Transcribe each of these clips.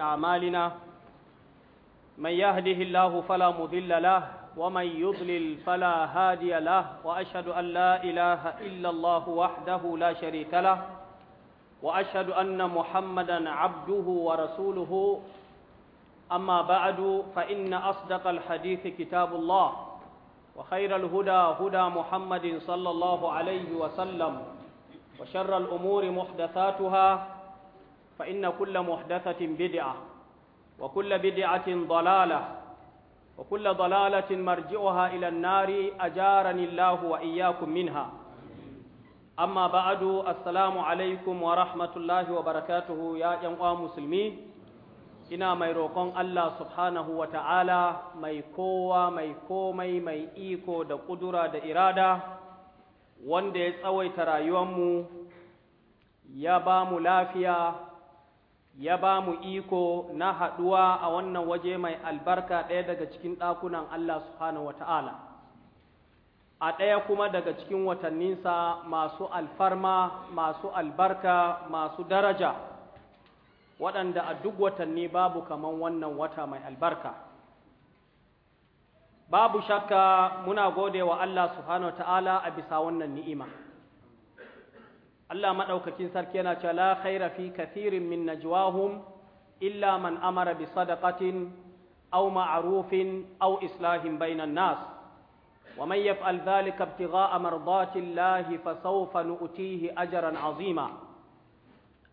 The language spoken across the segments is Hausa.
أعمالنا من يهده الله فلا مضل له ومن يضلل فلا هادي له وأشهد أن لا إله إلا الله وحده لا شريك له وأشهد أن محمدا عبده ورسوله أما بعد فإن أصدق الحديث كتاب الله وخير الهدى هدى محمد صلى الله عليه وسلم وشر الأمور محدثاتها فإن كل محدثة بدعة وكل بدعة ضلالة وكل ضلالة مرجعها إلى النار أجارني الله وإياكم منها أما بعد السلام عليكم ورحمة الله وبركاته يا جماعة مسلمين ina mai roƙon Allah subhanahu wa ta'ala mai kowa mai komai mai iko da ƙudura da irada wanda ya tsawaita rayuwanmu ya ba mu lafiya ya ba mu iko na haɗuwa a wannan waje mai albarka ɗaya daga cikin ɗakunan Allah subhanahu wata'ala a ɗaya kuma daga cikin watanninsa masu alfarma masu albarka masu daraja waɗanda a duk watanni babu kamar wannan wata mai albarka babu shakka muna gode wa Allah subhanahu wata'ala a bisa wannan ni'ima Allah maɗaukakin sarki yana cewa la khaira fi kathirin min najwahum illa man amara bi sadaqatin aw ma'rufin aw islahin bainan nas wa man yaf'al dhalika ibtigha'a mardati Allah fa sawfa nu'tihi ajran 'azima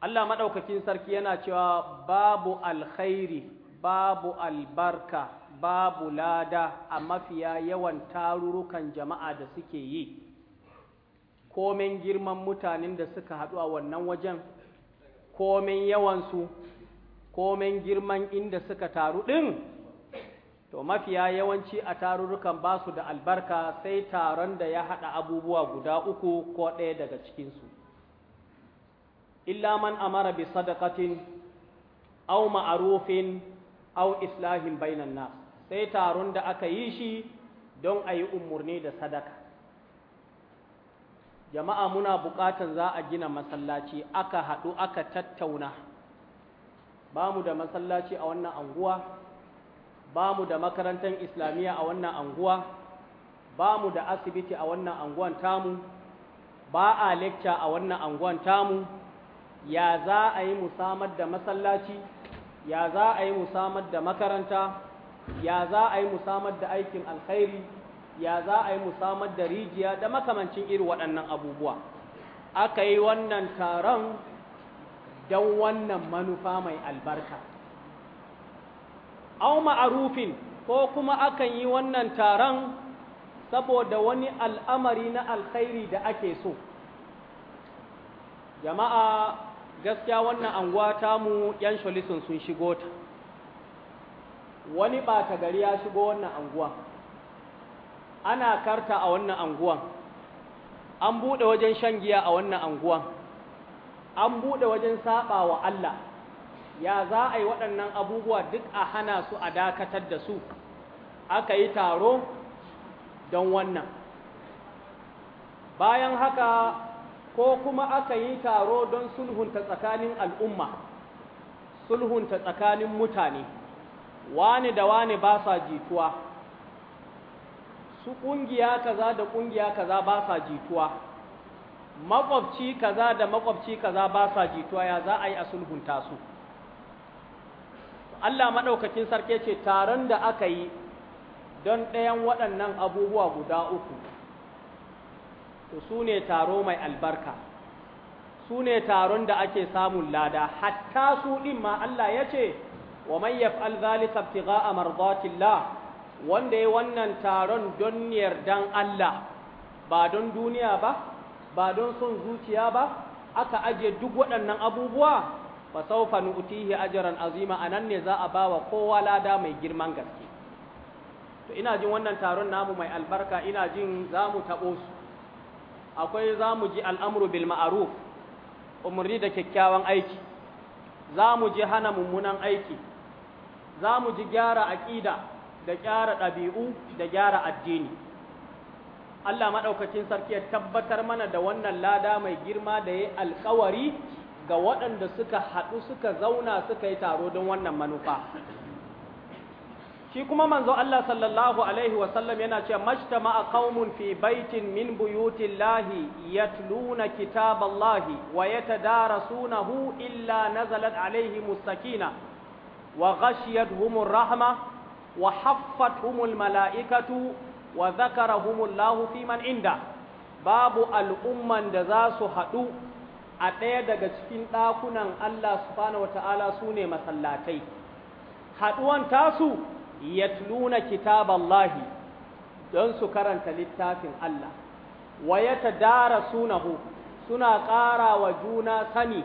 Allah maɗaukakin sarki yana cewa babu alkhairi babu albarka babu lada a mafiya yawan tarurrukan jama'a da suke yi komen girman mutanen da suka haɗu a wannan wajen komen yawansu komen girman inda suka taru ɗin to mafiya yawanci a tarurrukan ba su da albarka sai taron da ya haɗa abubuwa guda uku ko ɗaya daga cikinsu illa man amara bi sadaqatin aw ma'rufin aw islahin bainan nas sai taron da aka yi shi don a yi umarni da sadaka jama'a muna buƙatan za a gina masallaci aka haɗu aka tattauna ba mu da masallaci a wannan anguwa ba mu da makarantar islamiyya a wannan anguwa ba mu da asibiti a wannan anguwan tamu ba a lecture a wannan anguwan tamu ya za a yi musamar da masallaci ya za a yi musamar da makaranta ya za a yi musamar da aikin alkhairi ya za a yi musamar da rijiya da makamancin iri waɗannan abubuwa aka yi wannan taron don wannan manufa mai albarka au ma'arufin ko kuma akan yi wannan taron saboda wani al'amari na alkhairi da ake so jama'a gaskiya wannan anguwa mu yan sholisun sun shigo ta wani ɓata gari ya shigo wannan anguwa ana karta a wannan anguwan an buɗe wajen shan giya a wannan anguwan an buɗe wajen saɓa wa Allah ya za a yi waɗannan abubuwa duk a hana su a dakatar da su aka yi taro don wannan bayan haka ko kuma aka yi taro don sulhunta tsakanin al'umma sulhunta tsakanin mutane wani da wani ba sa jituwa su ƙungiya kaza da ƙungiya kaza ba sa jituwa makwabci kaza da makwabci kaza ba sa jituwa ya za a yi a sulhunta su Allah maɗaukakin sarki ce taron da aka yi don ɗayan waɗannan abubuwa guda uku to su ne taro mai albarka su ne taron da ake samun lada hatta su ɗin ma Allah ya ce wa man yaf'al zalika ibtigha'a mardatillah wanda ya wannan taron don dan Allah ba don duniya ba ba don son zuciya ba aka aje duk waɗannan abubuwa fa saufan utihi ajran azima nan ne za a ba wa kowa lada mai girman gaske to ina jin wannan taron namu mai albarka ina jin za mu taɓo su akwai za mu ji al’amuru bil ma'aruf umarni da kyakkyawan aiki Za mu ji hana mummunan aiki Za mu ji gyara ƙida. da gyara ɗabi'u da gyara addini Allah maɗaukacin sarki ya tabbatar mana da wannan lada mai girma da ya alkawari ga waɗanda suka haɗu suka zauna suka yi taro don wannan manufa shi kuma manzo Allah sallallahu alaihi wasallam yana ce majtama kaumun fi baitin min buyutillahi yatluna kitaballahi wa Hu illa nazalat alaihim sakina wa Humun rahma wa humul mala'ikatu wa zakarahumullahu fi man inda babu al'umman da za su haɗu a ɗaya daga cikin ɗakunan Allah subhanahu wata'ala su ne masallatai haɗuwan tasu yatluna kitaballahi don su karanta littafin Allah dara sunahu suna ƙara wa juna sani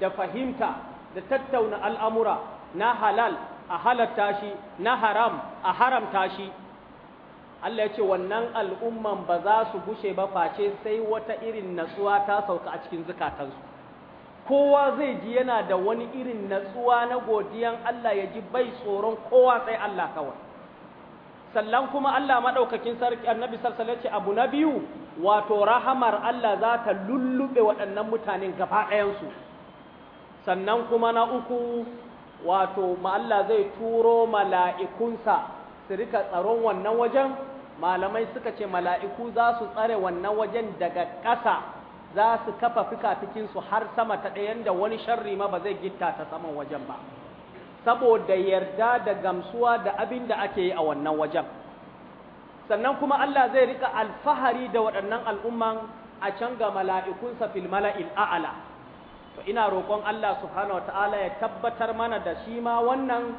da fahimta da tattauna al'amura na halal a halatta shi na haram a haramta shi Allah ya ce wannan al'umman ba za su gushe ba face sai wata irin natsuwa ta sauka a cikin zukatansu kowa zai ji yana da wani irin natsuwa na godiyan Allah ya ji bai tsoron kowa sai Allah kawai sannan kuma Allah maɗaukakin sarki annabi sallallahu ce abu na biyu wato rahamar Allah za ta lullube waɗannan mutanen gaba ɗayansu sannan kuma na uku wato ma Allah zai turo mala'ikunsa su rika tsaron wannan wajen malamai suka ce mala'iku za su tsare wannan wajen daga ƙasa za su kafa fikafikinsu har sama ta ɗayan da wani sharri ma ba zai gitta ta saman wajen ba saboda yarda da gamsuwa da abin da ake yi a wannan wajen sannan kuma Allah zai rika alfahari da waɗannan al'umman a can ga mala'ikunsa fil mala'il a'ala to ina roƙon Allah subhanahu wataala ya tabbatar mana da shi ma wannan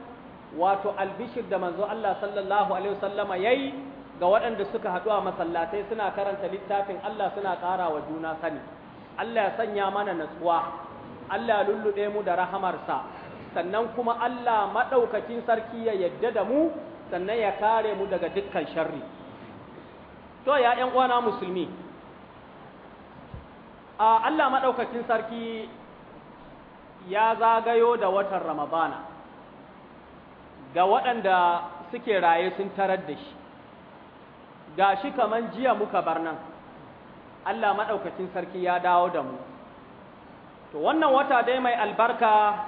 wato albishir da manzo Allah sallallahu alaihi wasallama yayi ga waɗanda suka haɗu a masallatai suna karanta littafin Allah suna ƙara wa juna sani Allah ya sanya mana natsuwa Allah ya lulluɗe mu da rahamarsa sannan kuma Allah maɗaukacin sarki ya yadda da mu sannan ya kare mu daga dukkan sharri to ya ƴan uwana musulmi Allah maɗaukacin sarki ya zagayo da watan Ramadana ga waɗanda suke raye sun tarar da shi, ga shi kamar jiya muka bar nan, Allah maɗaukacin sarki ya dawo da mu. To wannan wata dai mai albarka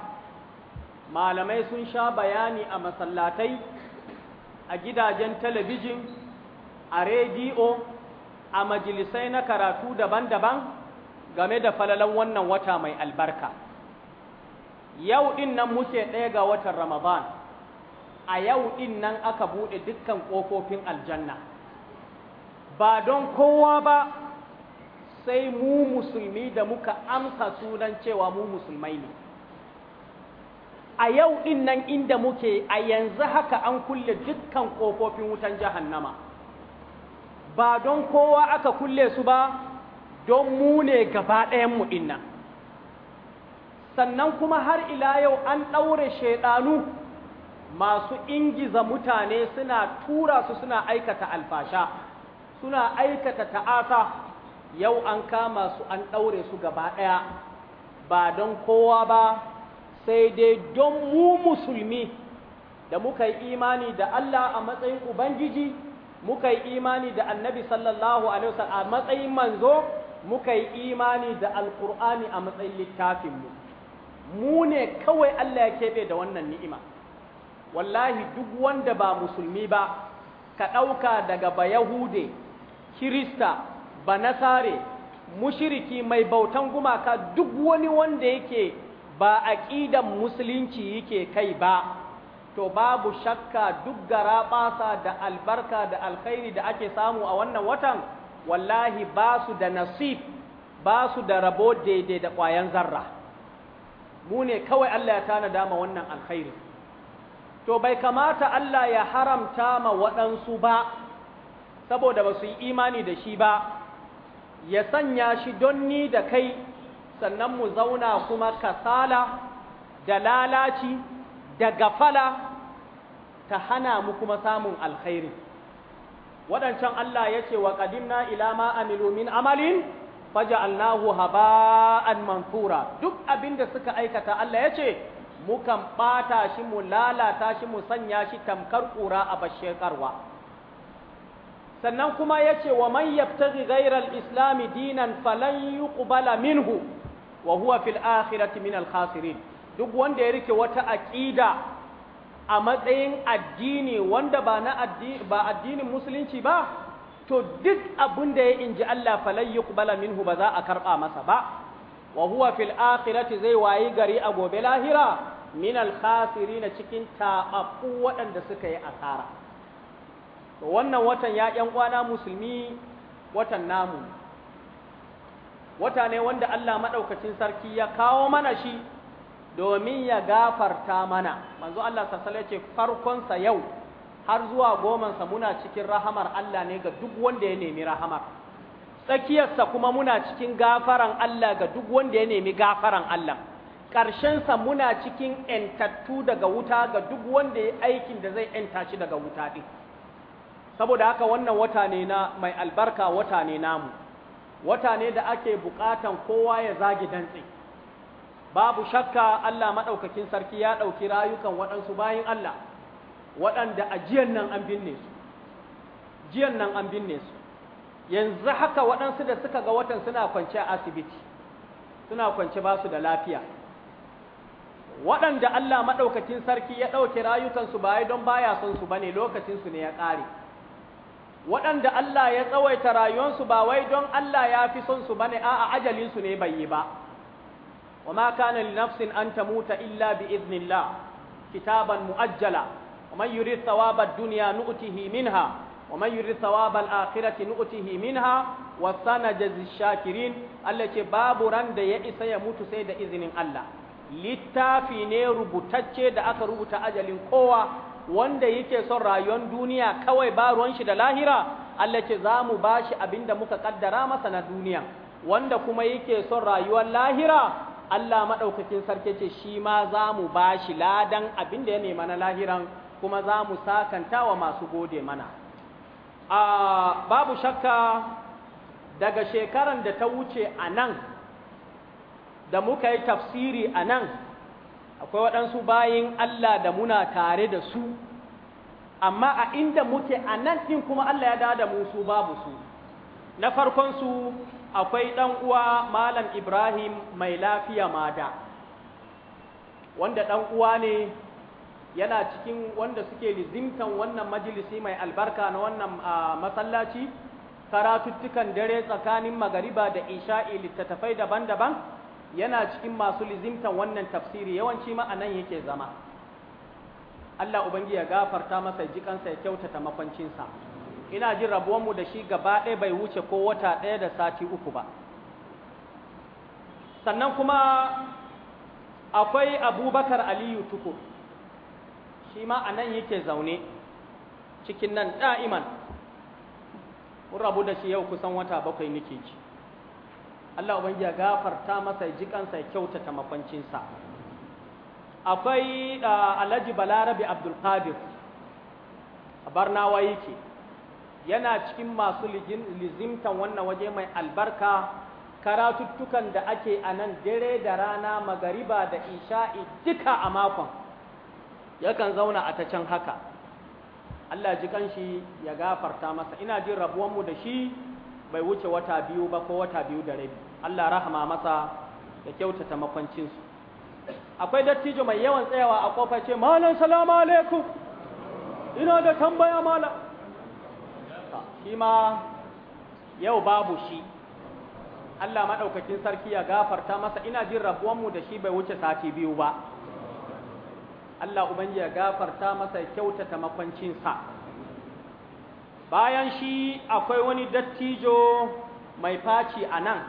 malamai sun sha bayani a masallatai, a gidajen talabijin, a rediyo, a majalisai na karatu daban-daban game da falalan wannan wata mai albarka. yau din nan muke ɗaya ga watan Ramadan a yau din nan aka buɗe dukkan ƙofofin aljanna ba don kowa ba sai mu musulmi da muka amsa sunan cewa mu musulmai ne a yau din nan inda muke a yanzu haka an kulle dukkan ƙofofin wutan jahannama ba don kowa aka kulle su ba don mu ne gaba mu din nan sannan kuma har ila yau an ɗaure shaiɗanu masu ingiza mutane suna tura su suna aikata alfasha suna aikata ta'asa yau an kama su an ɗaure su gaba ɗaya ba don kowa ba sai dai don mu musulmi da muka yi imani da Allah a matsayin Ubangiji muka yi imani da annabi sallallahu alaihi wasallam a matsayin manzo muka yi imani da alkur'ani a matsayin littafinmu mu ne kawai Allah ya keɓe da wannan ni'ima wallahi duk wanda ba musulmi ba ka ɗauka daga ba yahude kirista ba nasare mushiriki mai bautan gumaka duk wani wanda yake ba aƙidan musulunci yake kai ba to babu shakka duk garaɓasa da albarka da alkhairi da ake samu a wannan watan wallahi ba su da nasif, ba su da rabo daidai da ƙwayan zarra mu ne kawai Allah ya tanada ma wannan alkhairi to bai kamata Allah ya haramta ma waɗansu ba saboda ba su yi imani da shi ba ya sanya shi don ni da kai sannan mu zauna kuma kasala da lalaci da gafala ta hana mu kuma samun alkhairi waɗancan Allah ya ce wa ƙadimna ila ma amilu min amalin faja'alnahu haba'an mankura duk abinda suka aikata Allah yace mukan bata shi mu lalata shi mu sanya shi tamkar kura a bashekarwa sannan kuma yace wa man yabtaghi ghayra al-islam dinan falan yuqbala minhu wa huwa fil akhirati min al-khasirin duk wanda ya rike wata aqida a matsayin addini wanda ba na addini ba addinin musulunci ba to duk abin da ya inji Allah falai yuqbala minhu ba za a karɓa masa ba wa huwa fil akhirati zai wayi gari a gobe lahira min al na cikin taɓaɓɓu waɗanda suka yi asara to wannan watan ya ƴan kwana musulmi watan namu wata ne wanda Allah maɗaukacin sarki ya kawo mana shi domin ya gafarta mana manzo Allah sallallahu alaihi wasallam yau har zuwa gomansa muna cikin rahamar Allah ne ga duk wanda ya nemi rahamar tsakiyarsa kuma muna cikin gafaran Allah ga duk wanda ya nemi gafaran Allah ƙarshensa muna cikin ‘yantattu daga wuta ga duk wanda ya aikin da zai ‘yanta shi daga wuta ɗin saboda haka wannan wata ne na mai albarka wata ne namu wata ne da ake buƙatan kowa ya zagi dantse babu shakka Allah maɗaukakin sarki ya ɗauki rayukan waɗansu bayin Allah waɗanda a jiyan nan an binne su jiyan nan an binne su yanzu haka waɗansu da suka ga watan suna kwance a asibiti suna kwance ba su da lafiya waɗanda Allah maɗaukacin sarki ya ɗauke rayukansu ba ya don baya son su bane lokacinsu ne ya ƙare waɗanda Allah ya tsawaita rayuwansu ba wai don Allah ya fi son su bane a'a ajalinsu ne bai yi ba wa ma kana nafsin an tamuta illa bi idnillah kitaban muajjala ومن يريد ثواب الدنيا نؤته منها ومن يريد ثواب الآخرة نؤته منها وسنجزي الشاكرين التي باب رند يئس يموت سيد إذن الله littafi ne rubutacce da aka rubuta ajalin kowa wanda yake son rayuwar duniya kawai ba ruwan shi da lahira Allah ce za mu ba shi muka kaddara masa na duniya wanda kuma yake son rayuwar lahira Allah maɗaukakin sarki ce shi ma za mu ba shi ladan abin da ya nema na lahiran kuma za mu sakanta wa masu gode mana a babu shakka daga shekaran da ta wuce a nan da muka yi tafsiri a nan akwai waɗansu bayin Allah da muna tare da su amma a inda muke a nan ɗin kuma Allah ya dada mu su babu su na farkonsu akwai ɗan uwa malam Ibrahim mai lafiya mada wanda ɗan uwa ne yana cikin wanda suke lizimtan wannan majalisi mai albarka na wannan masallaci karatuttukan dare tsakanin magariba da isha'i littattafai daban-daban yana cikin masu lizimtan wannan tafsiri yawanci ma anan yake zama Allah ubangi ya gafarta masa jikansa ya kyautata makwancinsa ina jin rabuwanmu da shi gaba ɗaya bai wuce ko wata ɗaya da sati uku ba sannan kuma akwai abubakar aliyu tukur shi ma a nan yake zaune cikin nan da'iman mun rabu da shi yau kusan wata bakwai nake ci Allah ubangi ya gafarta masa ya ji kansa ya kyautata makwancinsa akwai alhaji balarabe abdulkadir a barnawa yake yana cikin masu lizimtan wannan waje mai albarka karatuttukan da ake a nan dare da rana magariba da isha'i duka a makon yakan zauna a ta can haka Allah ji kanshi ya gafarta masa ina jin rabuwanmu da shi bai wuce wata biyu ba ko wata biyu da rabi Allah rahama masa ya kyautata makwancinsu akwai dattijo mai yawan tsayawa a kofa ce malam salamu alaikum ina da tambaya malam shi ma yau babu shi Allah maɗaukakin sarki ya gafarta masa ina jin rabuwanmu da shi bai wuce sati biyu ba Allah ubangi ya gafarta masa kyautata makwancinsa bayan shi akwai wani dattijo mai faci a nan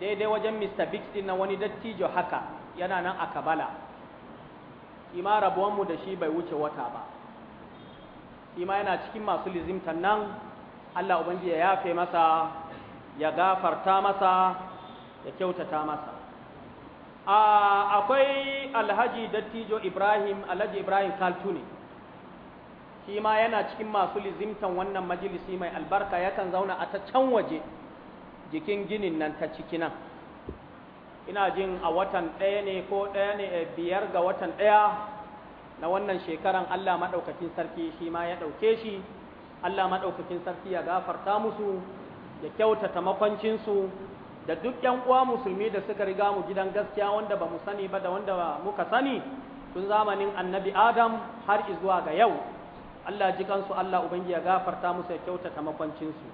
daidai wajen Mr. Biggs din na wani dattijo haka yana nan a Kabala ima mu da shi bai wuce wata ba ima yana cikin masu lizimtan nan Allah ubangi ya yafe masa ya gafarta masa ya kyautata masa akwai alhaji dattijo ibrahim alhaji ibrahim kaltuni shi ma yana cikin masu lizimtan wannan majalisi mai albarka yakan zauna a ta can waje jikin ginin nan ta ciki nan ina jin a watan ɗaya ne ko ɗaya ne a eh, biyar ga watan ɗaya na wannan shekaran allah maɗaukacin sarki shi ma ya ɗauke shi allah maɗaukacin sarki ya gafarta musu ya kyautata makwancinsu da duk yan uwa musulmi da suka riga mu gidan gaskiya wanda ba mu sani ba da wanda muka sani tun zamanin annabi adam har zuwa ga yau Allah ji kansu Allah ubangi ya gafarta musu ya kyautata makwancinsu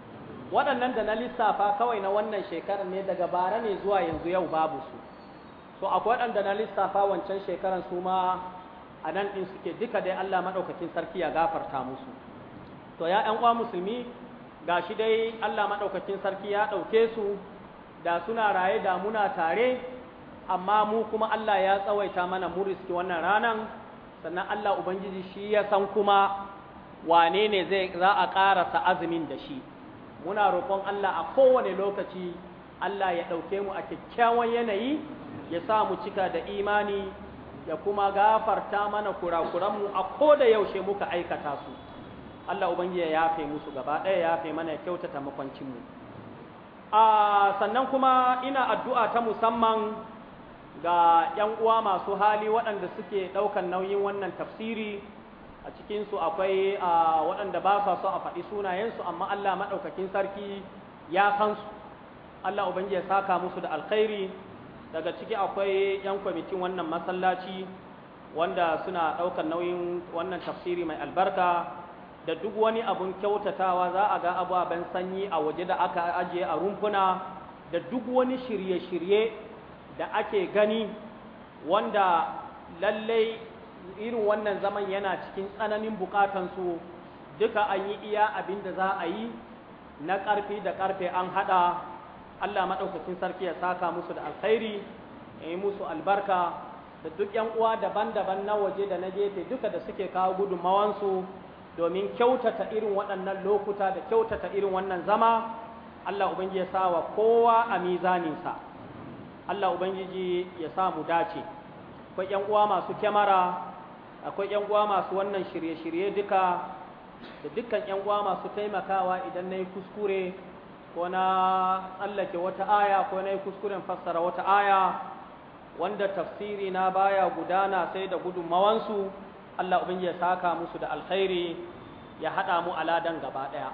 waɗannan da na lissafa kawai na wannan shekarar ne daga bara ne zuwa yanzu yau babu su to akwai waɗanda na lissafa wancan shekarar su ma a nan ɗin suke duka dai Allah maɗaukakin sarki ya gafarta musu to ya ‘yan uwa musulmi gashi dai Allah maɗaukakin sarki ya ɗauke su da suna raye da muna tare amma mu kuma Allah ya tsawaita mana mu riski wannan ranan sannan Allah ubangiji shi ya san kuma wane ne zai za a ƙarasa azumin da shi muna roƙon Allah a kowane lokaci Allah ya ɗauke mu a kyakkyawan yanayi ya sa mu cika da imani ya kuma gafarta mana kurakuranmu a ko da yaushe muka aikata su Allah ubangiji ya yafe musu gaba ɗaya ya yafe mana ya kyautata mu. A sannan kuma ina addu'a ta musamman ga ‘yan uwa masu hali waɗanda suke ɗaukan nauyin wannan tafsiri a cikinsu akwai waɗanda ba sa son a faɗi sunayensu amma Allah maɗaukakin sarki ya san su Allah ubangi ya saka musu da alkhairi daga ciki akwai ‘yan kwamitin wannan masallaci wanda suna ɗaukan nauyin wannan tafsiri mai albarka da duk wani abun kyautatawa za a ga ababen sanyi a waje da aka ajiye a rumfuna da duk wani shirye-shirye da ake gani wanda lallai irin wannan zaman yana cikin tsananin bukatansu duka an yi iya abin da za a yi na ƙarfi da ƙarfe an haɗa Allah maɗaukacin sarki ya saka musu da alkhairi ya yi musu albarka da duk 'yan uwa daban-daban na waje da na gefe duka da suke kawo gudunmawansu domin kyautata irin waɗannan lokuta da kyautata irin wannan zama Allah ubangiji ya sa wa kowa a mizaninsa Allah ubangiji ya sa mu dace akwai ƴan uwa masu kyamara akwai ƴan uwa masu wannan shirye-shirye duka da dukkan ƴan uwa masu taimakawa idan na yi kuskure ko na tsallake wata aya ko na yi kuskuren fassara wata aya wanda tafsiri na baya gudana sai da gudunmawansu Allah ubin ya saka musu da alkhairi ya haɗa mu aladan gaba ɗaya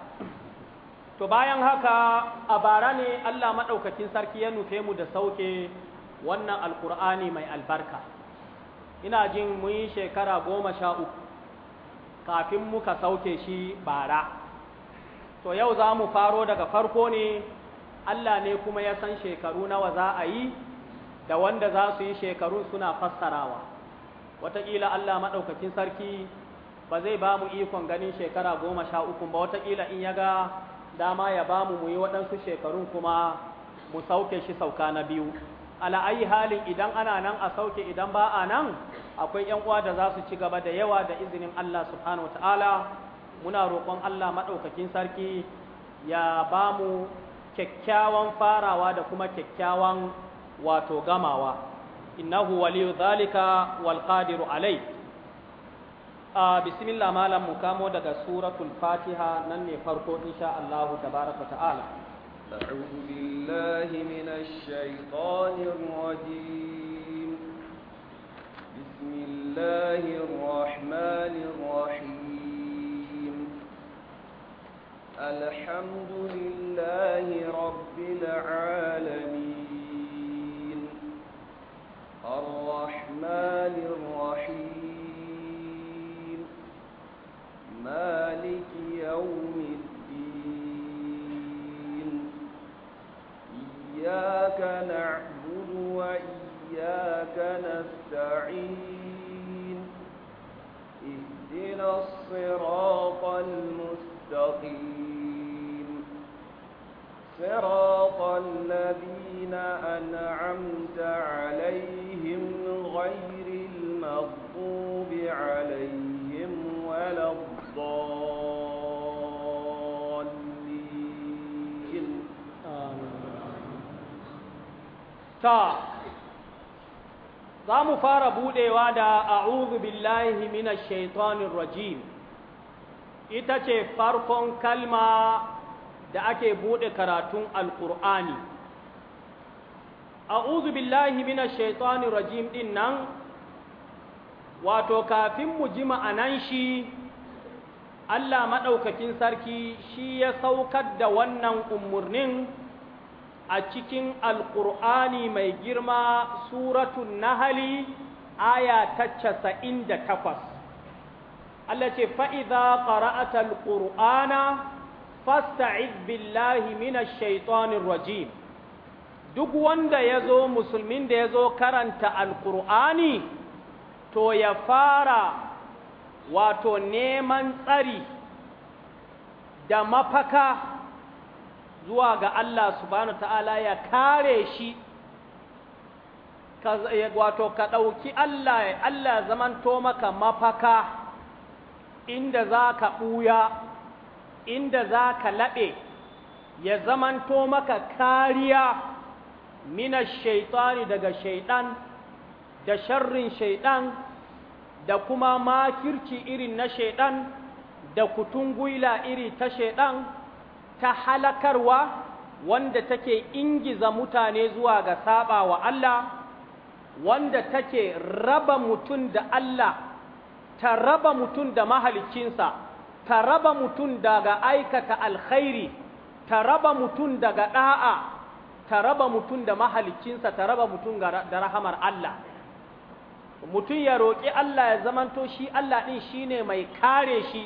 to bayan haka a bara ne Allah maɗaukakin sarki ya nufe mu da sauke wannan alkur'ani mai albarka ina jin mu yi shekara goma sha uku kafin muka sauke shi bara to yau za mu faro daga farko ne Allah ne kuma ya san shekaru nawa za a yi da wanda za su yi shekaru suna fassarawa wataƙila Allah maɗaukakin sarki ba zai ba mu ikon ganin shekara goma sha uku ba wataƙila in ya ga dama ya ba mu yi waɗansu shekarun kuma mu sauke shi sauka na biyu ayi halin idan ana nan a sauke idan ba a nan akwai ‘yan uwa da za su ci gaba da yawa da izinin Allah subhanahu ta'ala muna roƙon Allah maɗaukakin sarki ya ba mu kyakkyawan farawa da kuma kyakkyawan wato gamawa. innahu waliyu zalika wal qadiru alai a bismillah malam mu kamo daga suratul fatiha nan ne farko insha Allah tabaraka ta'ala a'udhu billahi minash shaitanir rajim bismillahir rahmanir rahim الحمد لله رب العالمين الرحمن الرحيم مالك يوم الدين إياك نعبد وإياك نستعين اهدنا الصراط المستقيم صراط الذين أنعمت عليهم غير المغضوب عليهم ولا الضالين تا za mu fara buɗewa da a'udhu mina minash shaitanir ita ce farkon kalma da ake buɗe karatun al'kur'ani. a'udhu billahi minash shaitani rajim din nan wato kafin mu ji ma'anan shi Allah madaukakin sarki shi ya saukar da wannan umurnin a cikin alqur'ani mai girma suratul nahli aya ta 98 Allah ce fa'iza ƙara'atar ƙur'ana fasta'id billahi mina shaitanin rajim duk wanda ya zo musulmin da ya zo karanta alkur'ani to ya fara wato neman tsari da mafaka zuwa ga Allah subhanahu ta'ala ya kare shi wato ka ɗauki Allah Allah zamanto maka mafaka inda za ka ɓuya inda za ka laɓe ya zamanto maka kariya mina shaitani daga shaidan da sharrin shaidan da kuma makirci irin na shaidan da kutungwila iri ta shaidan ta halakarwa wanda take ingiza mutane zuwa ga saba wa Allah wanda take raba mutum da Allah ta raba mutum da mahalicinsa ta raba mutum daga aikata alkhairi ta raba mutum daga da'a ta raba mutum da mahalicinsa ta raba mutum da rahamar Allah mutum ya roƙi Allah ya zamanto shi Allah ɗin shi ne mai kare shi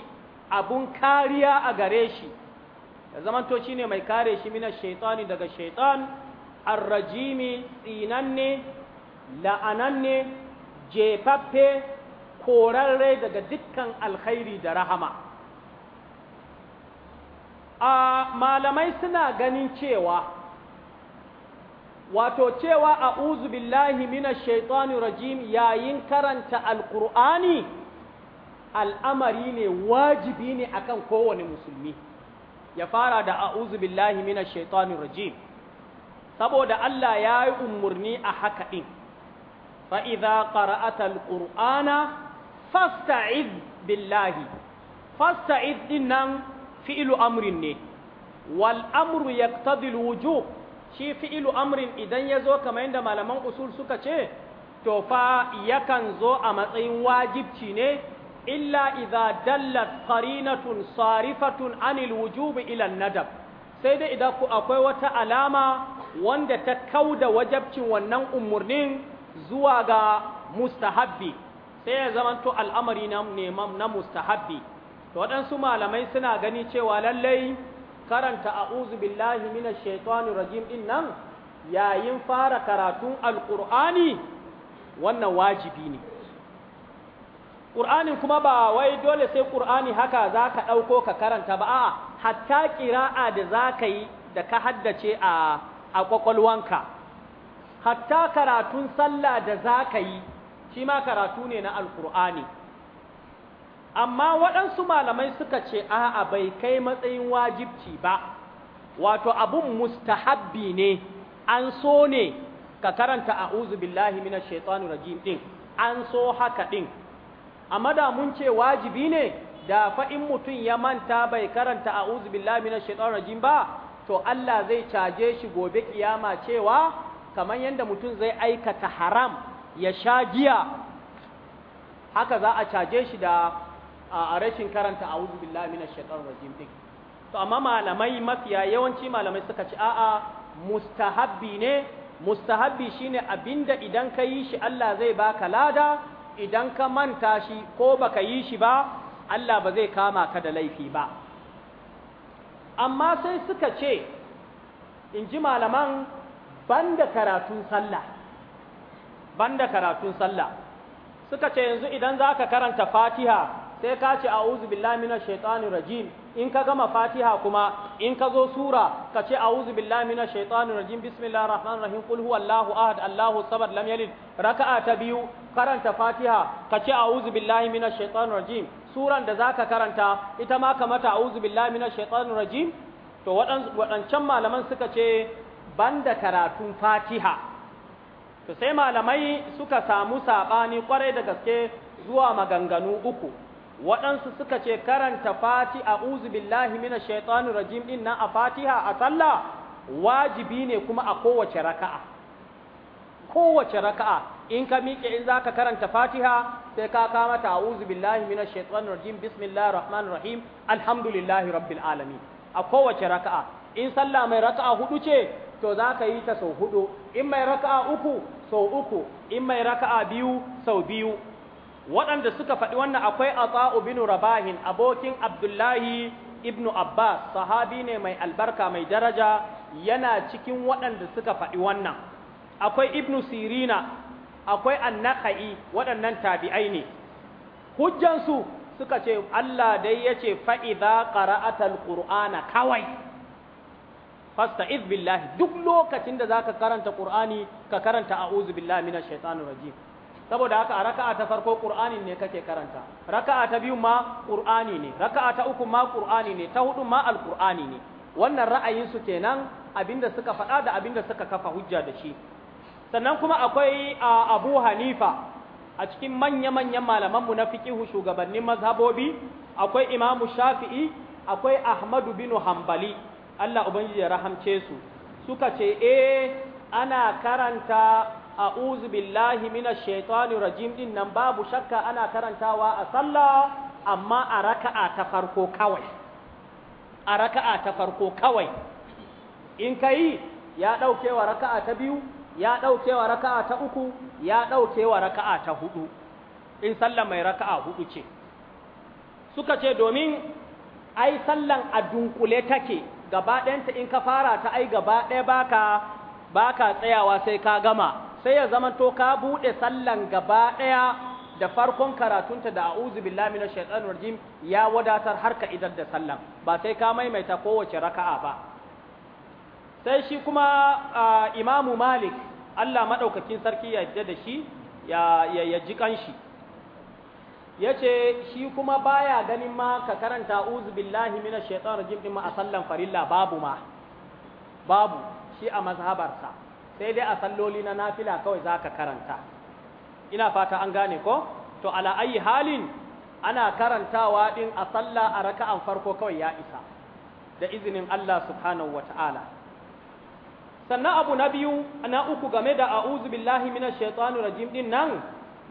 abun kariya a gare shi ya zamanto shi ne mai kare shi mina shaitani daga shaitan arrajimi tsinanne la'ananne jefaffe korarre daga dukkan alkhairi da rahama a malamai suna ganin cewa wato cewa a'udhu billahi minash shaitani rajim yayin karanta Alkur'ani, al'amari ne wajibi ne akan kowane musulmi ya fara da a'udhu billahi minash shaitani rajim saboda Allah ya yi umarni a haka din fa'iza idza Alkur'ana alqur'ana fasta'id billahi fasta'id dinnan fi'lu amri ne wal amru wujub shi fi'ilu amrin idan ya zo kamar yadda malaman usul suka ce to fa yakan zo a matsayin wajibci ne illa idza dallat qarinatun sarifatun anil wujubi ila nadab sai dai idan ku akwai wata alama wanda ta kauda wajabcin wannan umurnin zuwa ga mustahabbi sai ya zamanto al'amari na neman na mustahabbi to waɗansu malamai suna gani cewa lallai karanta a'udhu billahi minash shaitani rajim din nan yayin fara karatun Alƙur'ani wannan wajibi ne Ƙur'ani kuma ba wai dole sai ƙur'ani haka zaka ɗauko ka karanta ba a, hatta ƙira'a da ka yi da ka haddace a a hatta karatun sallah da ka yi shi ma karatu ne na Alƙur'ani. amma waɗansu malamai suka ce a'a bai kai matsayin wajibci ba wato abun mustahabbi ne an so ne ka karanta a'udhu billahi minash shaitani rajim din an so haka din amma da mun ce wajibi ne da fa in ya manta bai karanta a'udhu billahi minash shaitani rajim ba to Allah zai caje shi gobe kiyama cewa kamar yadda mutum zai aikata haram ya sha giya haka za a caje shi da a rashin karanta a wuzu billahi mina shekaru rajim ɗin. to amma malamai mafiya yawanci malamai suka ce a'a mustahabbi ne mustahabbi shine abinda idan ka yi shi Allah zai baka lada idan ka manta shi ko baka yi shi ba Allah ba zai kama ka da laifi ba amma sai suka ce in ji malaman banda karatun sallah banda karatun sallah suka ce yanzu idan za ka karanta fatiha sai ka ce a'udhu billahi minash shaitanir rajim in ka gama fatiha kuma in ka zo sura ka ce a'udhu billahi minash shaitanir rajim bismillahir rahman rahim kulhu Allahu ahad allahu samad lam yalid raka'a ta biyu karanta fatiha ka ce a'udhu billahi minash shaitanir rajim suran da zaka karanta ita ma ka mata a'udhu billahi minash shaitanir rajim to waɗancan malaman suka ce banda karatun fatiha to sai malamai suka samu saɓani ƙwarai da gaske zuwa maganganu uku waɗansu suka ce karanta fati a billahi mina shaitanu rajim ɗin nan a fatiha a sallah wajibi ne kuma a kowace raka'a kowace raka'a in ka miƙe in za ka karanta fatiha sai ka kamata a billahi mina shaitanu rajim bismillahir rahmanir rahim alhamdulillahi rabbil alamin a kowace raka'a in sallah mai raka'a hudu ce to za ka yi ta sau hudu in mai raka'a uku sau uku in mai raka'a biyu sau biyu waɗanda suka faɗi wannan akwai ata'u bin rabahin abokin abdullahi ibn abbas sahabi ne mai albarka mai daraja yana cikin waɗanda suka faɗi wannan akwai ibn sirina akwai annaka'i waɗannan tabi'ai ne hujjansu suka ce Allah dai ya ce fa'iza ƙara'atar ƙur'ana kawai fasta'iz billahi duk lokacin da za ka karanta ƙur'ani ka karanta a'uzu billahi mina shaitanin rajim saboda haka a raka'a ta farko Kur'ani ne kake karanta raka'a ta biyu ma qur'ani ne raka'a ta uku ma qur'ani ne ta hudu ma alqur'ani ne wannan ra'ayin su kenan abinda suka faɗa da abinda suka kafa hujja da shi sannan kuma akwai Abu Hanifa a cikin manya-manyan malaman mu na fiqihu shugabannin mazhabobi akwai Imam Shafi'i akwai Ahmadu bin Hanbali Allah ubangiji ya rahamce su suka ce eh ana karanta a'udhu billahi minash shaitani rajim din nan babu shakka ana karantawa a sallah amma a raka'a ta farko kawai a raka'a ta farko kawai in kai ya daukewa raka'a ta biyu ya daukewa raka'a ta uku ya daukewa raka'a ta hudu in sallah mai raka'a hudu ce suka ce domin ai sallan a dunkule take gaba ɗayanta in ka fara ta ai gaba ɗaya baka ba ka tsayawa sai ka gama sai ya zama to ka buɗe sallan gaba ɗaya da farkon karatunta da a'udhu billahi minash shaitanir rajim ya wadatar har ka idar da sallan ba sai ka maimaita kowace raka'a ba sai shi kuma imamu malik Allah madaukakin sarki ya yadda da shi ya ya ji kanshi yace shi kuma baya ganin ma ka karanta a'udhu billahi minash shaitanir rajim din ma a sallan farilla babu ma babu shi a mazhabarsa sai dai a salloli na nafila kawai zaka karanta ina fata an gane ko to ala ayi halin ana karantawa din a sallah a raka'an farko kawai ya isa da izinin Allah subhanahu wata'ala sannan abu na biyu na uku game da a'udhu billahi minash shaitanir rajim din nan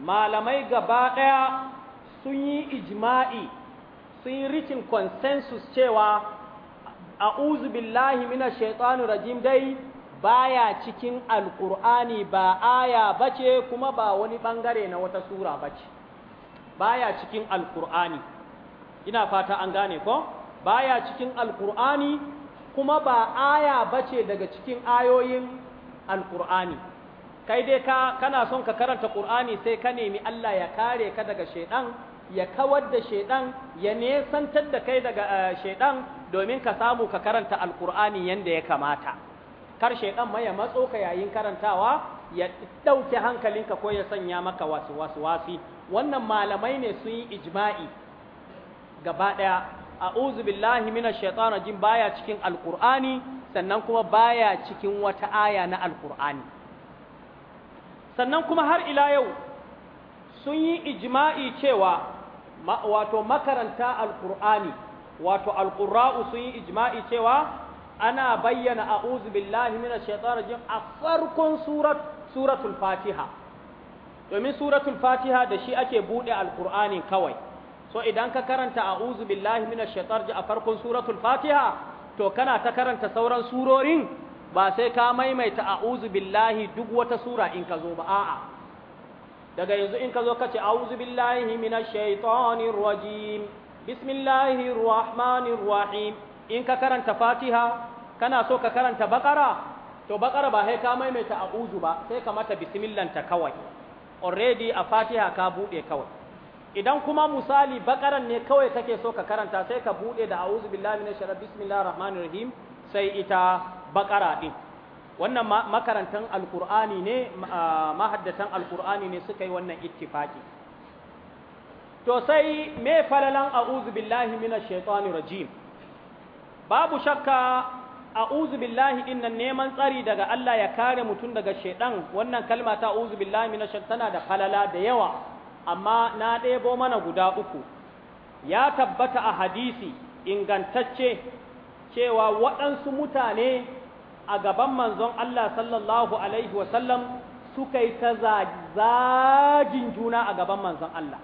malamai gaba daya sun yi ijma'i sun yi written consensus cewa a'udhu billahi minash shaitani rajim dai baya cikin alqur'ani ba aya bace kuma ba wani bangare na wata sura bace baya cikin alqur'ani ina fata an gane ko baya cikin alqur'ani kuma ba aya bace daga cikin ayoyin alqur'ani kai dai ka kana son ka karanta qur'ani sai ka nemi Allah ya kare ka daga shaiɗan. ya kawar da shaidan ya nesantar da kai daga eh, shaidan domin ka samu ka karanta alkur'ani yadda ya kamata kar shaidan ma ya matso ka yayin karantawa ya ɗauke hankalinka ko ya sanya maka wasu wasu wasi wannan malamai ne sun yi ijma'i gaba ɗaya uzu billahi mina shaitanir rajim baya cikin alkur'ani sannan kuma baya cikin wata aya na alkur'ani sannan kuma har ila yau sun yi ijma'i cewa wato makaranta alqur'ani wato alƙura'u sun yi ijma'i cewa ana bayyana a'udhu billahi minash rajim a farkon surat suratul fatiha domin suratul fatiha da shi ake buɗe alqur'ani kawai so idan ka karanta a'udhu billahi minash a farkon suratul fatiha to kana ta karanta sauran surorin ba sai ka maimaita a'udhu billahi duk wata sura in ka zo ba a'a daga yanzu in ka zo ka ce a'udhu billahi minash rajim rahmanir rahim in ka karanta fatiha kana so ka karanta bakara to bakara ba sai ka maimaita a'udhu ba sai ka mata bismillah ta kawai already a fatiha ka bude kawai idan kuma misali bakaran ne kawai kake so ka karanta sai ka bude da a'udhu billahi minash shaitanir rahmanir rahim sai ita bakara din wannan makarantan alkur'ani ne mahaddatan alkur'ani ne suka yi wannan ittifaki to sai me falalan a'udhu billahi minash shaitani rajim babu shakka a'udhu billahi neman tsari daga Allah ya kare mutum daga shaitan wannan kalma ta a'udhu billahi minash da falala da yawa amma na ɗebo mana guda uku ya tabbata a hadisi ingantacce cewa waɗansu mutane a gaban manzon Allah sallallahu alaihi wasallam suka yi ta zagin juna a gaban manzon Allah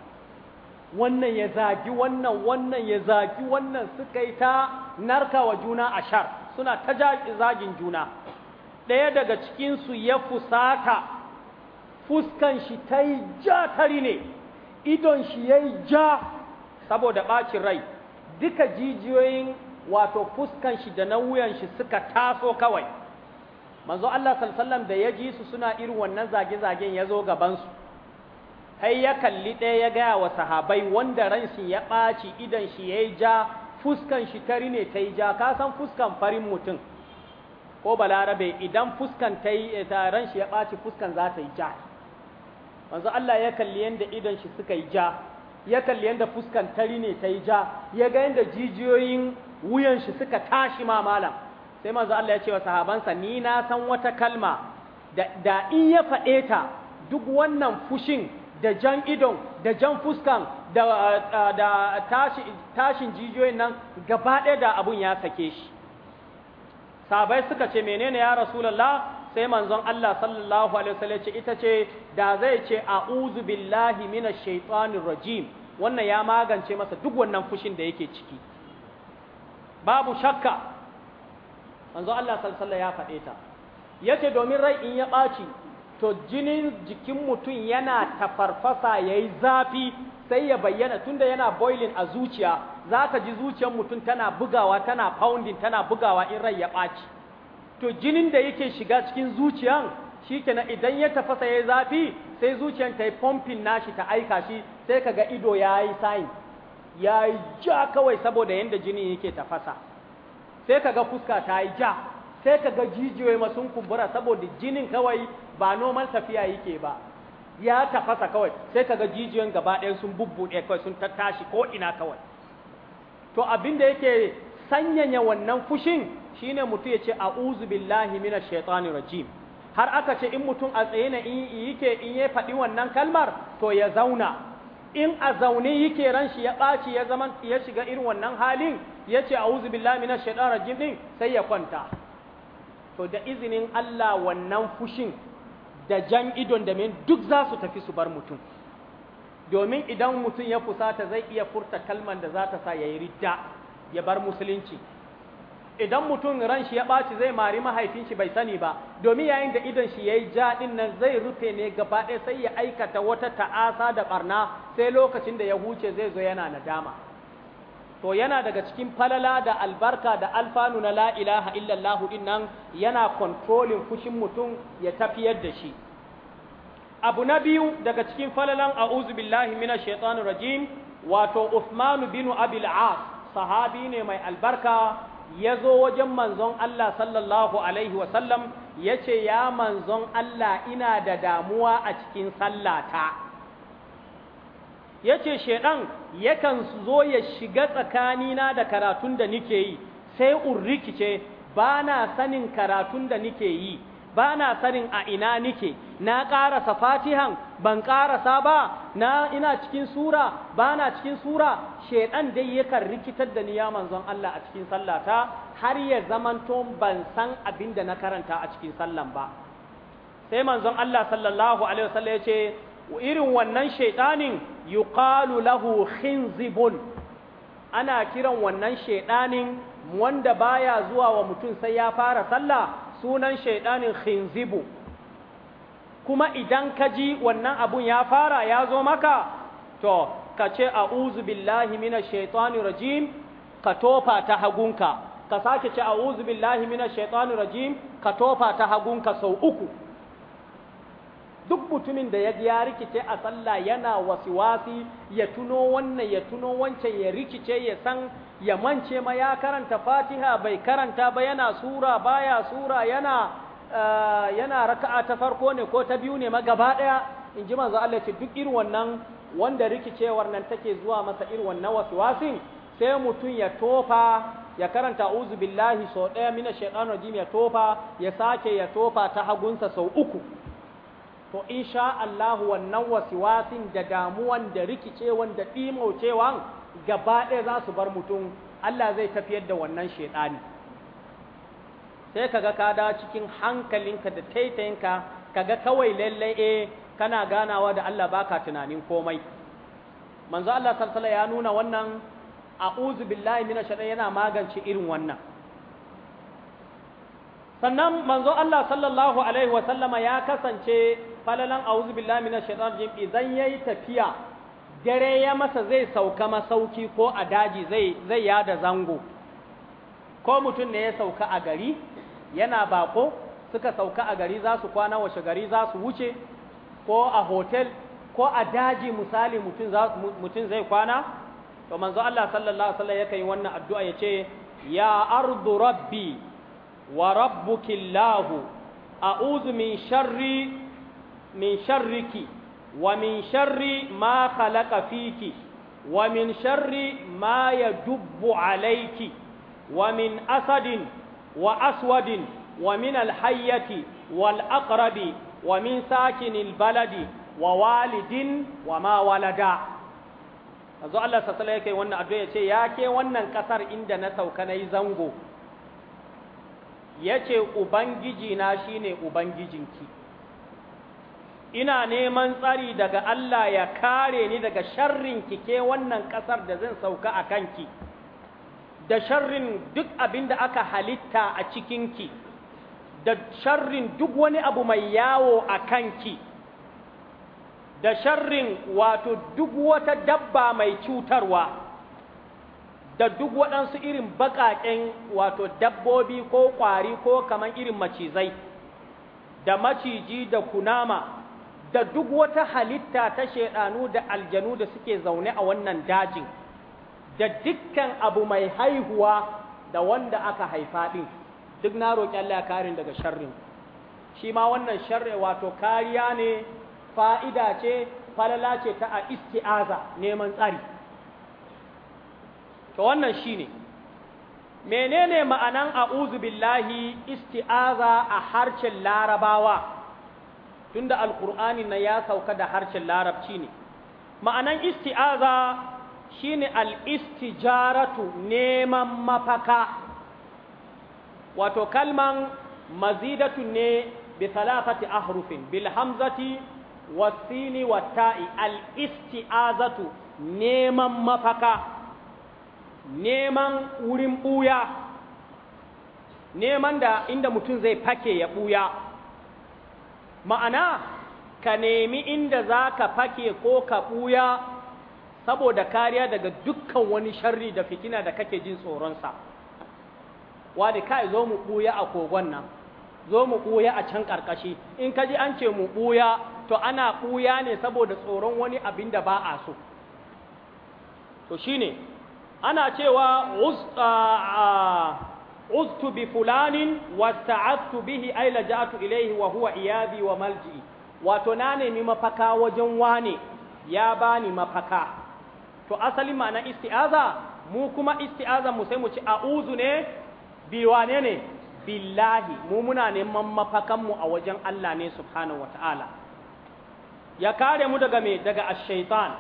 wannan ya zagi wannan wannan ya zagi wannan suka yi ta narkawa juna a shar suna ta zagin juna ɗaya daga cikinsu ya fusata fuskan shi ta yi ja tari ne idon shi ya yi ja saboda ɓacin rai duka jijiyoyin wato fuskan shi da na shi suka taso kawai manzo Allah sallallahu da ya ji su suna irin wannan zage-zagen ya zo gabansu sai ya kalli ɗaya ya gaya wa sahabai wanda ran shi ya ɓaci idan shi ya yi ja fuskan shi tari ne ta yi ja ka san fuskan farin mutum ko balarabe idan fuskan ta yi ran shi ya ɓaci fuskan za ta yi ja manzo Allah ya kalli yanda idan shi suka yi ja ya kalli yanda fuskan tari ne ta yi ja ya ga yanda jijiyoyin wuyan shi suka tashi ma malam sai manzo Allah ya ce wa sahabansa ni na san wata kalma da, da in ya faɗe ta duk wannan fushin da jan idon da jan fuskan da, da tashi, tashin jijiyoyin nan gaba ɗaya da abun ya sake shi sahabai suka ce menene ya rasulallah sai manzon Allah sallallahu alaihi wasallam ce ita ce da zai ce a'udhu billahi minash shaitanir rajim wannan ya magance masa duk wannan fushin da yake ciki babu shakka manzo Allah sallallahu ya faɗe ta yace domin rai in ya ɓaci to jinin jikin mutum yana tafarfasa yayi zafi sai ya bayyana tunda yana boiling a zuciya zaka ji zuciyar mutum tana bugawa tana pounding tana bugawa in rai ya ɓaci to jinin da yake shiga cikin zuciyan shikenan idan ya tafasa yayi zafi sai zuciyan ta yi pumping nashi ta aika shi sai kaga ido yayi sign ya yi ja kawai saboda yadda jini yake tafasa sai kaga fuska ta yi ja sai kaga jijiyoyi ma sun kumbura saboda jinin kawai ba normal tafiya yake ba ya tafasa kawai sai kaga jijiyoyin gaba ɗaya sun bubbuɗe kawai sun tattashi ko ina kawai to abin da yake sanyanya wannan fushin shine mutum ya ce a'udhu billahi minash shaitani rajim har aka ce in mutum a tsaye na in yake in ya faɗi wannan kalmar to ya zauna in a zaune yake ran shi ya ɓaci ya zaman ya shiga irin wannan halin ya ce a wuzu billahi minash shaitan rajim din sai ya kwanta to da izinin Allah wannan fushin da jan idon da min duk za su tafi su bar mutum domin idan mutum ya fusata zai iya furta kalman da za ta sa ya yi ridda ya bar musulunci idan mutum ran shi ya ɓaci zai mari mahaifin shi bai sani ba domin yayin da idon shi yayi ja din nan zai rufe ne gaba ɗaya sai ya aikata wata ta'asa da barna sai lokacin da ya huce zai zo yana nadama to yana daga cikin falala da albarka da alfanu na la ilaha illallah din nan yana controlling fushin mutum ya tafiyar da shi abu na biyu daga cikin falalan a'udhu billahi minash shaitanir rajim wato Uthman bin Abil As sahabi ne mai albarka ya zo wajen manzon Allah sallallahu Alaihi wasallam ya ce, Ya manzon Allah ina da damuwa a cikin sallata. Ya ce, Shaiɗan yakan zo ya shiga tsakanina da karatun da nike yi, sai un rikice, ba na sanin karatun da nike yi, ba na sanin a ina nike, na ƙarasa fatihan ban ƙarasa ba na ina cikin sura ba na cikin sura shedan dai yakan rikitar da ni ya manzon Allah a cikin sallata har ya zamanto ban san abin da na karanta a cikin sallan ba sai manzon Allah sallallahu alaihi wasallam ya ce irin wannan shedanin yuqalu lahu khinzibun ana kiran wannan shedanin wanda baya zuwa wa mutum sai ya fara sallah sunan shedanin khinzibu kuma idan ka ji wannan abun ya fara ya zo maka to ka ce a'udhu billahi minash shaitani rajim ka tofa ta hagunka ka sake ce a'udhu billahi minash shaitani rajim ka tofa ta hagunka sau uku duk mutumin da ya ji ya rikice a sallah yana wasiwasi ya tuno wannan ya tuno wancan ya rikice ya san ya mance ma ya karanta fatiha bai karanta ba yana sura baya sura yana Eh, yana raka'a ta farko ne ko ta biyu ne ma gaba daya in ji manzo Allah ce duk irin wannan wanda rikicewar nan take zuwa masa irin wannan waswasin sai mutum ya tofa ya karanta uzu billahi sau ɗaya mina shaitan rajim ya tofa ya sake ya tofa ta hagunsa sau uku to insha Allah wannan waswasin da damuwan da rikicewan da ɗimaucewan gaba daya za su bar mutum Allah zai tafiyar da wannan shaiɗani. sai kaga ka da cikin hankalinka da taitayinka kaga kawai lalle eh kana ganawa da Allah baka tunanin komai manzo Allah sallallahu ya nuna wannan a'udhu billahi minash shaitani yana magance irin wannan sannan manzo Allah sallallahu alaihi wa sallama ya kasance falalan a'udhu billahi minash shaitani jin idan yayi tafiya dare ya masa zai sauka masauki ko a daji zai zai yada zango ko mutum ne ya sauka a gari yana bako suka sauka a gari za su kwana washe gari za su wuce ko a hotel ko a daji misali mutum zai kwana to manzo Allah sallallahu alaihi wasallam yakan yi wannan addu'a yace ya ardu rabbi wa rabbukillahu a'udhu min sharri min sharriki wa min sharri ma khalaqa fiki wa min sharri ma yajubbu alayki wa min asadin wa aswadin wa min alhayyati wal aqrabi wa min sakin baladi wa walidin wa ma walada azu Allah sassala yake wannan addu'a ya ce wannan kasar inda na sauka nayi zango yace ubangiji na shine ubangijinki ina neman tsari daga Allah ya kare ni daga sharrinki ke wannan kasar da zan sauka a ki. da sharrin duk abin da aka halitta a cikinki da sharrin duk wani abu mai yawo a kanki da sharrin wato duk wata dabba mai cutarwa da duk waɗansu irin baƙaƙen wato dabbobi ko ƙwari ko kamar irin macizai da maciji da kunama da duk wata halitta ta shaɗanu da aljanu da suke zaune a wannan dajin. da dukkan abu mai haihuwa da wanda aka haifa ɗin duk na roƙi Allah karin daga sharrin shi ma wannan sharri wato kariya ne fa'ida ce falala ce ta a isti'aza neman tsari to wannan shi ne menene ma'anan a'uzu billahi isti'aza a harcin larabawa tunda alkur'ani na ya sauka da harcin larabci ne ma'anan isti'aza shine al-istijaratu neman mafaka wato kalman mazidatu ne bi thalathati ahrufin bil hamzati wasini watta'i al-isti'azatu neman mafaka neman wurin buya neman da inda mutum zai fake ya buya ma'ana ka nemi inda za ka fake ko ka buya saboda kariya daga dukkan wani sharri da fitina da kake jin tsoronsa wani kai zo mu ɓuya a kogon nan zo mu ɓuya a can ƙarƙashi in ka ji an ce mu ɓuya to ana ɓuya ne saboda tsoron wani abin da ba a so to shine ana cewa ustu bi fulanin wasta'attu bihi ay laja'tu ilayhi wa huwa iyabi wa malji'i wato na nemi mafaka wajen wane ya bani mafaka to asalin ma'ana isti'aza mu kuma isti'aza mu sai mu ci a'uzu ne bi wane ne billahi mu muna neman mafakan mu a wajen Allah ne subhanahu wata'ala ya kare mu daga me daga ash-shaytan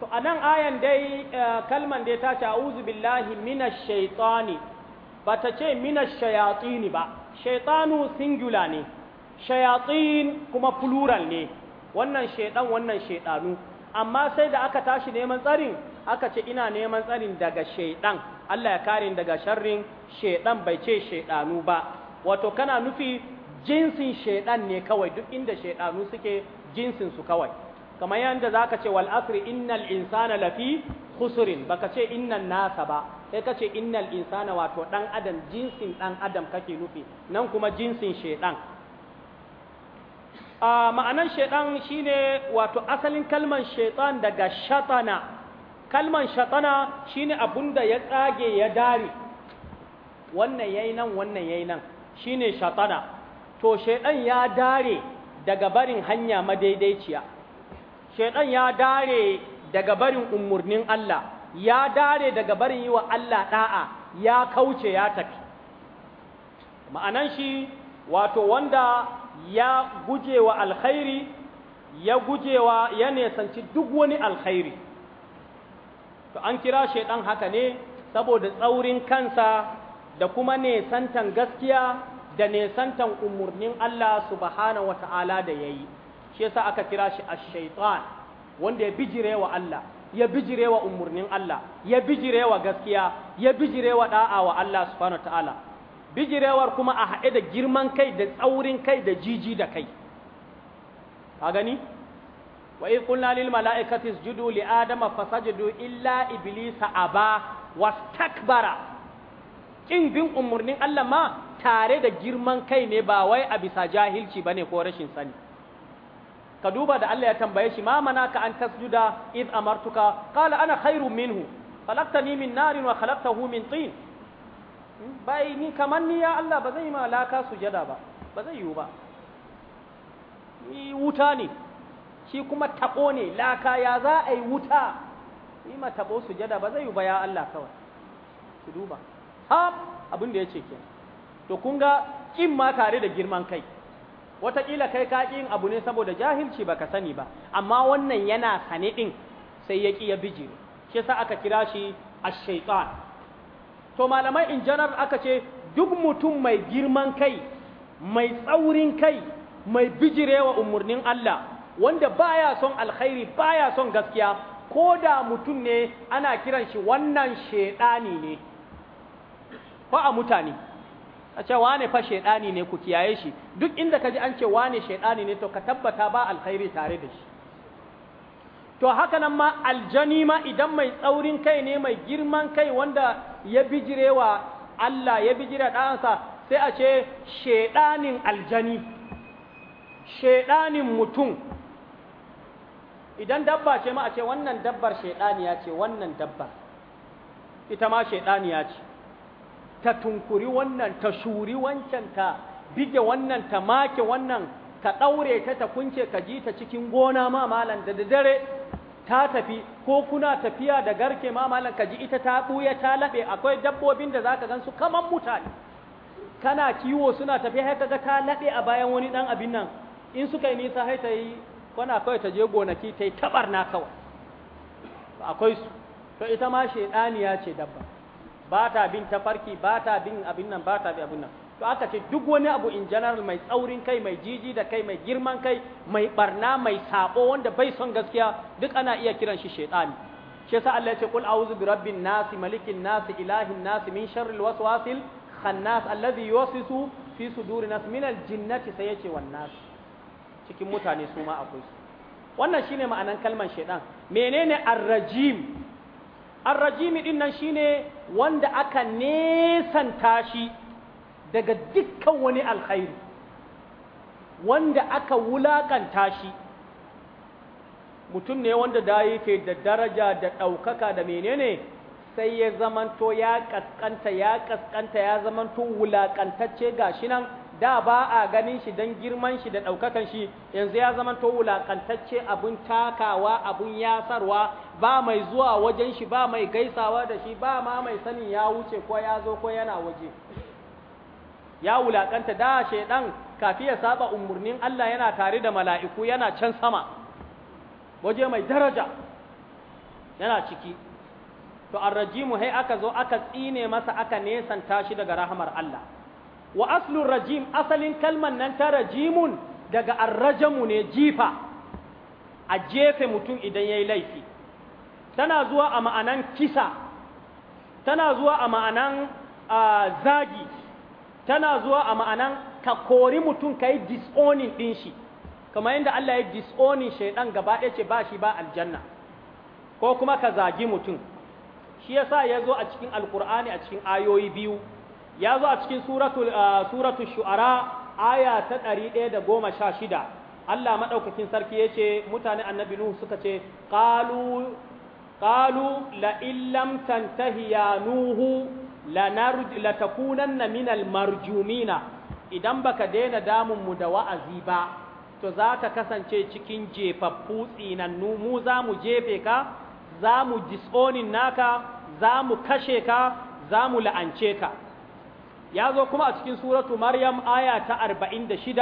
to anan ayan dai eh, kalman dai ta ce a'uzu billahi minash shaytani ta ce minash shayatin ba shaytanu singular ne shayatin kuma plural ne wannan shaydan wannan shaydanu amma sai da aka tashi neman tsarin aka ce ina neman tsarin daga shaidan Allah ya kare daga sharrin shaidan bai ce shaidanu ba wato kana nufi jinsin shaidan ne kawai duk inda shaidanu suke jinsin su kawai kamar yadda ka ce wal asri innal insana lafi khusrin baka ce innan nasa ba sai ka ce innal insana wato dan adam jinsin dan adam kake nufi nan kuma jinsin shaidan a ma'anan shaidan shine wato asalin kalman shaitan daga shatana kalman shatana shine abunda ya tsage ya dare wannan yayi nan wannan yayi nan shine shatana to shaidan ya dare daga barin hanya madaidaiciya shaidan ya dare daga barin umurnin Allah ya dare daga barin yi wa Allah da'a ya kauce ya tafi ma'anan shi wato wanda ya gujewa alkhairi ya gujewa ya nesanci duk wani alkhairi to an kira ɗan haka ne saboda tsaurin kansa da kuma nesantan gaskiya da nesantan umurnin Allah subhanahu wata'ala da yayi shi yasa aka kira shi ash-shaytan wanda ya bijirewa Allah ya bijirewa umurnin Allah ya bijirewa gaskiya ya bijirewa da'a wa Allah subhanahu wata'ala bijirewar kuma a haɗe da girman kai da tsaurin kai da jiji da kai ka gani wa in kunna lil mala'ikati isjudu li adama fasajadu illa iblisa aba wastakbara kin bin umurnin Allah ma tare da girman kai ne ba wai a bisa jahilci bane ko rashin sani ka duba da Allah ya tambaye shi ma manaka an tasjuda id amartuka qala ana khairu minhu khalaqtani min narin wa khalaqtahu min tin bai ni kamar ni ya Allah ba zai ma laka sujada ba ba zai yiwu ba ni wuta ne shi kuma tabo ne laka ya za a yi wuta ni ma tabo sujada ba zai yiwu ba ya Allah kawai ki duba ha abin da ce kenan to kun ga kin ma tare da girman kai wataƙila kai ka kin abu ne saboda jahilci baka sani ba amma wannan yana sane sai ya ƙi ya bijiri shi sa aka kira shi ash-shaytan to malamai in general aka ce duk mutum mai girman kai mai tsaurin kai mai bijirewa umarnin Allah wanda baya son alkhairi baya son gaskiya ko da mutum ne ana kiran shi wannan shedani ne fa a mutane a ce wane fa shedani ne ku kiyaye shi duk inda ka ji an ce wane shedani ne to ka tabbata ba alkhairi tare da shi to haka nan ma aljani ma idan mai tsaurin kai ne mai girman kai wanda ya bijirewa Allah ya bijira ɗansa sai a ce shaidanin aljani shaidanin mutum idan dabba ce ma a ce wannan dabbar shaiɗaniya ce wannan dabbar ita ma shaiɗaniya ce ta tunkuri wannan ta shuri wancan ta bige wannan ta make wannan ka ɗaure ta ta kunce ka ji ta cikin gona ma malam da dare ta tafi ko kuna tafiya da garke ma malam ka ita ta ɓuya ta laɓe akwai dabbobin da zaka gan su kaman mutane kana kiwo suna tafiya har kaga ta laɓe a bayan wani ɗan abin nan in suka yi nisa sai ta yi kwana kawai ta je gonaki ta yi tabarna kawai akwai su to ita ma shaidaniya ce dabba ba ta bin tafarki ba ta bin abin nan ba ta bin abin nan to aka ce duk wani abu in general mai tsaurin kai mai jiji da kai mai girman kai mai barna mai sabo wanda bai son gaskiya duk ana iya kiran shi shaytani shi yasa Allah ya ce qul a'udhu bi rabbin nas malikin nas ilahin nas min sharril waswasil khannas alladhi yuwaswisu fi sudurin nas min aljinnati sai yace wan nas cikin mutane su ma akwai su wannan shine ma'anan kalmar shaytan menene ar-rajim ar-rajim din nan shine wanda aka nesanta shi daga dukkan wani alkhairi wanda aka wulakanta shi mutum ne wanda da yake da daraja da ɗaukaka da menene sai ya zamanto ya kaskanta ya kaskanta ya zamanto wulakantacce gashi nan da ba a ganin shi don girman shi da ɗaukakan shi yanzu ya zamanto wulakantacce abun takawa abun yasarwa ba mai zuwa wajen shi ba mai gaisawa da shi ba ma mai sanin ya wuce ko ya zo ko yana waje ya wulakanta da shaidan kafi ya saba umurnin Allah yana tare da mala'iku yana can sama waje mai daraja yana ciki to arrajimu hai aka zo aka tsine masa aka nesanta tashi daga rahamar Allah wa aslun rajim asalin kalman nan ta rajimun daga arrajamu ne jifa a jefe mutum idan ya yi laifi tana zuwa a ma'anan kisa tana zuwa a ma'anan zagi tana zuwa a ma'anan ka kori mutum ka yi disonin ɗin shi kamar yadda Allah ya disonin shaiɗan gaba ɗaya ce ba shi ba aljanna ko kuma ka zagi mutum shi ya sa ya zo a cikin alkur'ani a cikin ayoyi biyu ya zo a cikin suratu ah, shu'ara aya ta ɗari ɗaya da goma sha shida Allah maɗaukakin sarki ya ce mutane annabi Nuhu suka ce ƙalu la illam tantahi ya Nuhu la takunanna minal marjumina idan baka daina damun mu da wa'azi ba to za zaka kasance cikin jefaffu tsinannu mu za mu jefe ka za mu disonin naka za mu kashe ka za mu la'ance ka ya zo kuma a cikin suratu maryam aya ta 46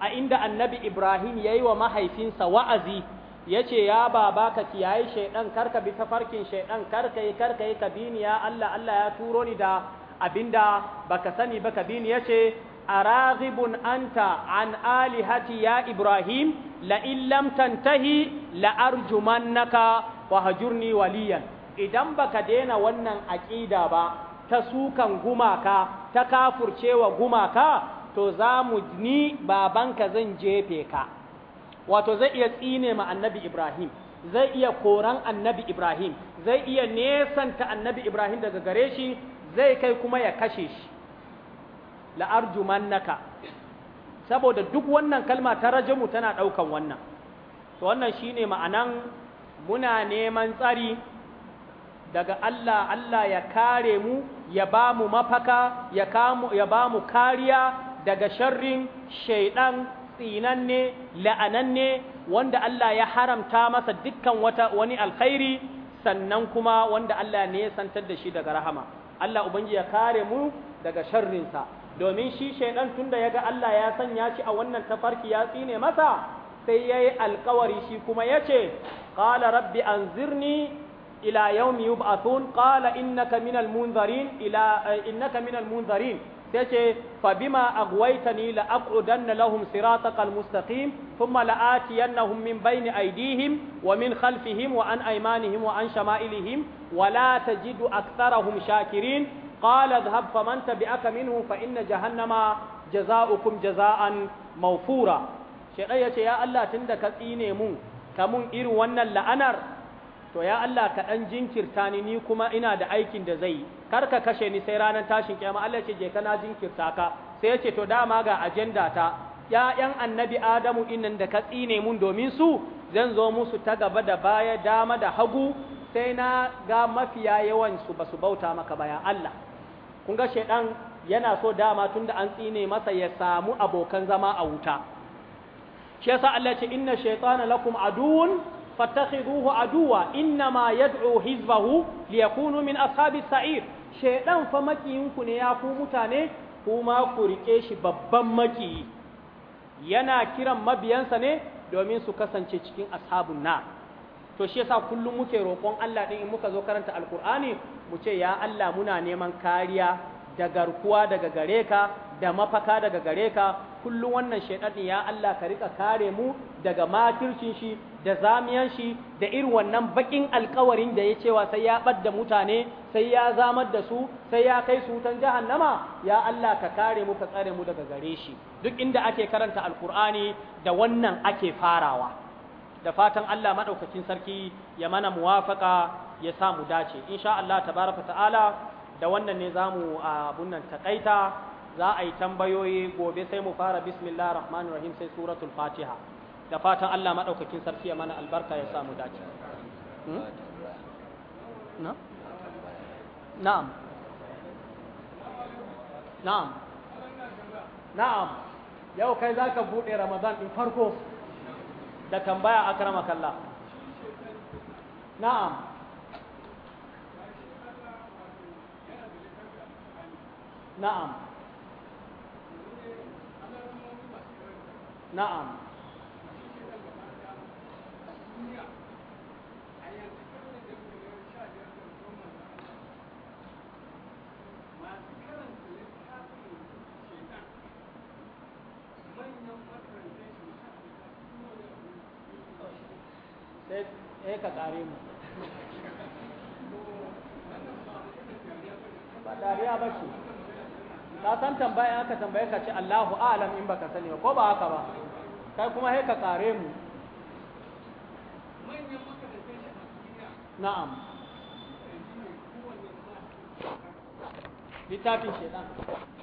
a inda annabi ibrahim ya yi wa mahaifinsa wa'azi ya ce ya baba ka kiyaye shaidan karka bi tafarkin shaidan karka yi karka yi ka bini ya Allah Allah ya turo ni da abinda baka sani baka bini ya ce araghibun anta an alihati ya Ibrahim la in lam tantahi la arjumannaka wa hajurni waliyan idan baka daina wannan aqida ba ta sukan gumaka ta kafurcewa gumaka to za mu ni babanka zan jefe ka wato zai iya tsine ma annabi Ibrahim zai iya koran annabi Ibrahim zai iya nesanta annabi Ibrahim daga gare shi zai kai kuma ya kashe shi naka saboda duk wannan kalma ta rajamu tana ɗaukan wannan to wannan shine ma'anan muna neman tsari daga Allah Allah ya kare mu ya ba mu mafaka ya, ya ba mu kariya daga sharrin shaidan tsinanne la'ananne wanda Allah ya haramta masa dukkan wata wani alkhairi sannan kuma wanda Allah ne ya santar da shi daga rahama Allah ubangi ya kare mu daga sharrinsa domin shi shaidan tunda yaga Allah ya sanya shi a wannan tafarki ya tsine masa sai yayi alkawari shi kuma yace ce qala rabbi anzirni ila yawmi yub'athun qala innaka minal munzarin ila eh, innaka minal munzarin sai ce fabima aghwaytani la aqudanna lahum siratakal mustaqim thumma la atiyannahum min bayni aydihim wa min khalfihim wa an aymanihim wa an shama'ilihim wa la tajidu aktharahum shakirin qala dhhab faman tabi'aka minhum fa inna jahannama jazaukum jazaan mawfura shedan yace ya Allah tunda ka tsine mun kamun irin wannan la'anar to ya Allah ka ɗan jinkirta ni ni kuma ina da aikin da zai kar ka kashe ni sai ranar tashin kiyama Allah ce je kana jinkirta ka sai ya ce to dama ga ajenda ta Ya ‘ya'yan annabi Adamu innan da ka tsine mun domin su zan zo musu ta gaba da baya dama da hagu sai na ga mafiya su ba su bauta maka ba ya Allah kun ga shedan yana so dama tunda an tsine masa ya samu abokan zama a wuta shi yasa Allah ce inna shaytana lakum aduun fattakhiduhu aduwa ma yad'u hizbahu liyakunu min ashabi sa'ir shaydan fa makiyinku ne ya ku mutane kuma ku rike shi babban makiyi yana kiran mabiyansa ne domin su kasance cikin ashabun na to shi yasa kullum muke roƙon Allah din in muka zo karanta alkur'ani mu ce ya Allah muna neman kariya da garkuwa daga gare ka da mafaka daga gare ka kullum wannan shaidan ya Allah ka rika kare mu daga makircin shi da zamiyan shi da irin wannan bakin alkawarin da ya cewa sai ya ɓadda mutane sai ya zamar da su sai ya kai su wutan jahannama ya Allah ka kare mu ka tsare mu daga gare shi duk inda ake karanta alkur'ani da wannan ake farawa da fatan Allah madaukakin sarki ya mana muwafaka ya sa mu dace insha Allah tabaraka ta'ala da wannan ne zamu abun nan takaita za a yi tambayoyi gobe sai mu fara bismillahir rahmanir rahim sai suratul fatiha da fatan Allah maɗaukakin sarki ya mana albarka ya samu dace hmm? na'am na'am na'am yau kai za ka buɗe ramadan in farko da tambaya a Kalla. na'am na'am na'am sai ka san tambaya aka tambaye ka ce Allahu a'lam in baka sani ba ko ba haka ba kai kuma sai ka kare mu na'am littafin shedan